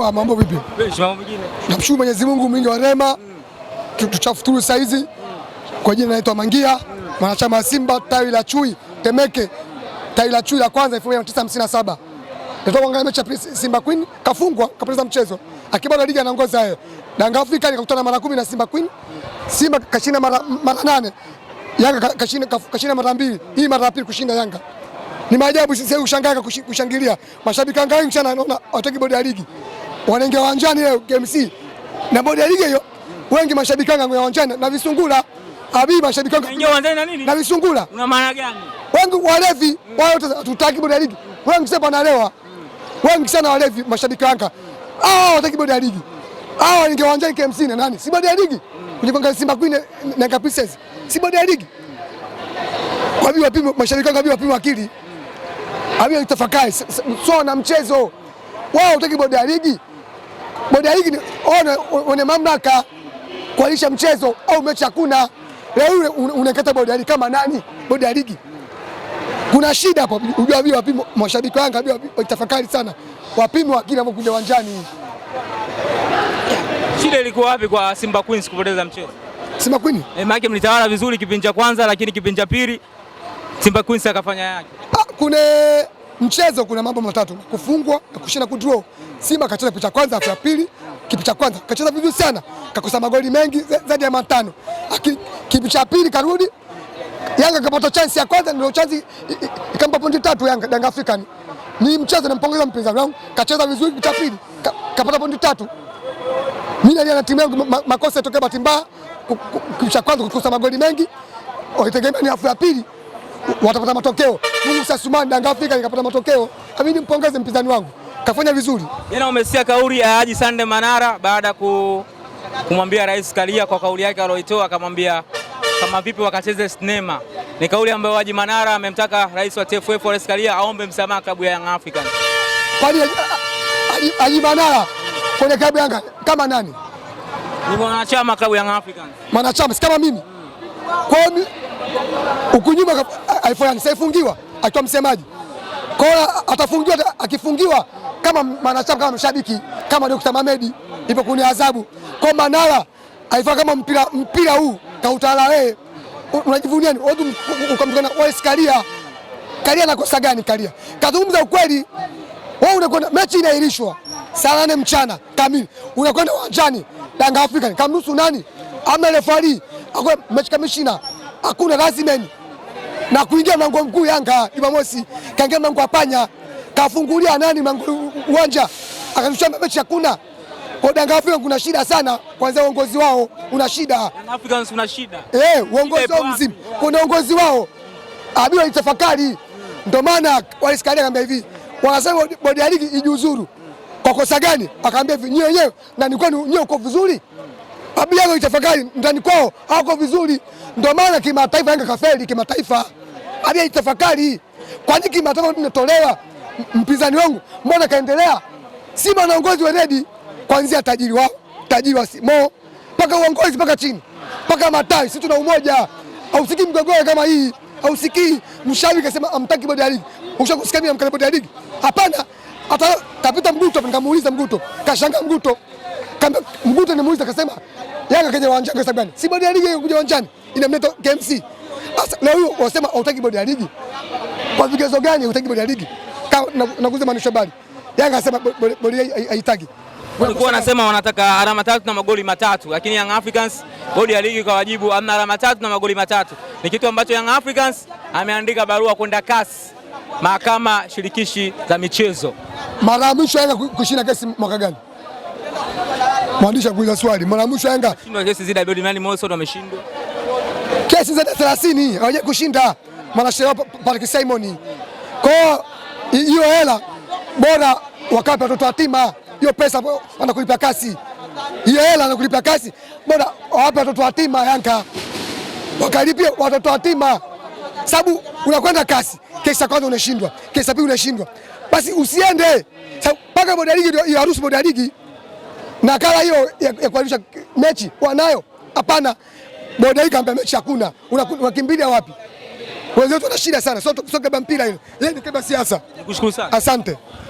Poa, mambo vipi? Namshukuru Mwenyezi Mungu mwingi wa rehema, mm. tuchafuturu saa hizi. mm. Kwa jina naitwa Mangia, mwanachama wa Simba tawi la Chui Temeke, mm. tawi la Chui la kwanza 1957. Nilitoka kuangalia mechi ya Simba Queen, kafungwa, kapoteza mchezo. mm. Akiba Akibana ligi anaongoza yeye. Danga Afrika nikakutana mara kumi na Simba Queen. mm. Simba kashinda mara mara nane. Yanga kashinda kashinda mara mbili. Hii mara ya pili kushinda Yanga. Ni maajabu sisi kushangaa kushangilia. Mashabiki wangu sana wanaona wataki bodi ya ligi wanaingia uwanjani leo game C na bodi ya ligi hiyo, wengi mashabiki wangu wa uwanjani na visungula Habibi mashabiki wangu uwanjani na nini na visungula. Una maana gani? Wengi walevi wao, tutaki bodi ya ligi wengi sana wanaelewa, wengi sana walevi mashabiki wangu hao wataki bodi ya ligi hao, wanaingia uwanjani KMC na nani? Si bodi ya ligi kujikonga Simba Queen na Caprices, si bodi ya ligi. Habibi, hiyo wapime mashabiki wangu, habibi, wapime akili, habibi tafakari, sio na mchezo wao, utaki bodi ya ligi bodi ya ligi wenye mamlaka kualisha mchezo au mechi hakuna. Leo unaikata bodi ya ligi kama nani? Bodi ya ligi kuna shida hapo. Unajua vipi? Wapi mashabiki wa Yanga bila tafakari sana, wapimo wakina hapo kuja uwanjani. Shida ilikuwa wapi kwa Simba Queens kupoteza mchezo? Simba Queens? Eh, maana mlitawala vizuri kipindi cha kwanza, lakini kipindi cha pili Simba Queens akafanya yake. Ah, kuna mchezo kuna mambo matatu: kufungwa na kushinda ku draw. Simba kacheza picha kwanza, ya pili kipi cha kwanza kacheza vizuri sana, kakosa magoli mengi zaidi ya matano. Kipi cha pili karudi, Yanga kapata chance ya kwanza, ndio chance ikampa pointi tatu Yanga Yanga African. Ni mchezo nampongeza mpinzani wangu, kacheza vizuri kipi cha pili kapata pointi tatu. Mimi nalia na timu yangu makosa yatokea bahati mbaya, kipi cha kwanza kukosa magoli mengi, walitegemea oh, ni afu ya pili watapata matokeo. Mungu Sumani Yanga Afrika nikapata matokeo. Amini, mpongeze mpinzani wangu kafanya vizuri. Jana umesikia kauli ya Haji Sande Manara baada ya ku, kumwambia Rais Karia kwa kauli yake aliyoitoa, akamwambia kama vipi wakacheze sinema. Ni kauli ambayo Haji Manara amemtaka rais wa TFF Rais Karia aombe msamaha klabu ya Young African. Kwani Haji Manara kwenye klabu Yanga kama nani? Ni mwanachama klabu ya Young African. Mwanachama si kama mimi kwao huku nyuma saifungiwa akiwa msemaji kwao, atafungiwa. Akifungiwa kama mwanachama kama mshabiki kama Dr. Mamedi ipo kuni adhabu kwa Manara aifaa kama mpira mpira huu kautawala wewe, unajivunia ni Wewe ukamkana wewe, Kalia na kosa gani? Kalia kazungumza ukweli. Wewe unakwenda mechi inaahirishwa saa nane mchana kamili, unakwenda uwanjani Yanga Afrika, kamruhusu nani? Ama refarii akuwe mechi kamishina, hakuna lazimeni na kuingia mlango mkuu. Yanga Jumamosi kaingia mlango apanya kafungulia nani mlango uwanja, akashusha mechi, hakuna kwa Yanga Afrika kuna shida sana, kwanza uongozi wao una shida. Yanga Africans una shida. Eh, uongozi wao mzima. Kuna uongozi wao. Abi walitafakari. Ndio maana walisikania kamba hivi. Wanasema bodi ya ligi ijiuzuru. Kwa kosa gani? Akaambia hivi, nyewe wenyewe na nilikuwa nyewe uko vizuri. Abiyago itafakari ndani kwao hawako vizuri, ndio maana kimataifa Yanga kafeli kimataifa. Abia itafakari, kwa nini kimataifa tunatolewa mpinzani wangu, mbona kaendelea? Simba wa redi, kuanzia tajiri wao tajiri wa Simo mpaka uongozi mpaka chini mpaka matai, sisi tuna umoja. Hausikii mgogoro kama hii, hausikii mshabiki kasema amtaki bodi ya ligi, ushakusikia mimi amkana bodi ya ligi? Hapana, hata kapita Mguto, nikamuuliza Mguto, kashanga Mguto kama Mguto nimuuliza, kasema Yanga kaja uwanjani kwa sababu gani? Si bodi ya ligi kuja uwanjani inamleta KMC. Sasa na huyo wasema hautaki bodi ya ligi. Kwa vigezo gani hautaki bodi ya ligi? Kama nakuuliza ya habari. Yanga asema bodi haitaki. Walikuwa wanasema wanataka alama tatu na magoli matatu, lakini Young Africans bodi ya ligi kawajibu amna alama tatu na magoli matatu. Ni kitu ambacho Young Africans ameandika barua kwenda kasi mahakama shirikishi za michezo. Mara ya mwisho Yanga kushinda kesi mwaka gani? mwandishi akuuliza swali. Mara mwisho Yanga kesi zidi Abedi nani Morrison ameshindwa kesi zaidi ya 30 hawaje kushinda mwanasheria Patrick Simon. Kwa hiyo hela bora wakape watoto yatima, hiyo pesa wanakulipa kasi, hiyo hela wanakulipa kasi, bora wawape watoto yatima Yanga wakalipia watoto yatima, sababu unakwenda kasi, kesi ya kwanza unashindwa, kesi ya pili unashindwa, basi usiende mpaka bodi ya ligi, harusi bodi ya ligi na kala hiyo ya, ya kuanisha mechi wanayo? Hapana. bodai hii kaambia mechi hakuna, unakimbilia wapi? Wenzetu wana shida sana, sio keba mpira ile leo ni keba siasa. Nikushukuru sana, asante.